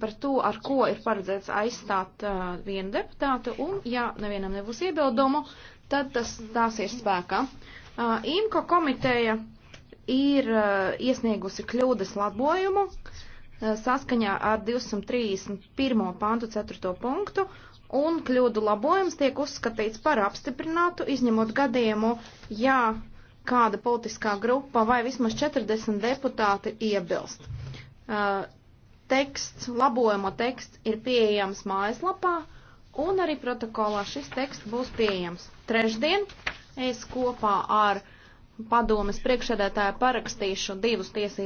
par to, ar ko ir paredzēts aizstāt uh, vienu deputātu, un, ja nevienam nebūs iebildumu, tad tas stāsies spēkā. Uh, IMKO komiteja ir uh, iesniegusi kļūdas labojumu uh, saskaņā ar 231. pantu 4. punktu, un kļūdu labojums tiek uzskatīts par apstiprinātu, izņemot gadījumu, ja kāda politiskā grupa vai vismaz 40 deputāti iebilst. Uh, teksts, labojuma teksts ir pieejams mājaslapā, un arī protokolā šis teksts būs pieejams. Trešdien es kopā ar padomas priekšsēdētāju parakstīšu divus tiesību.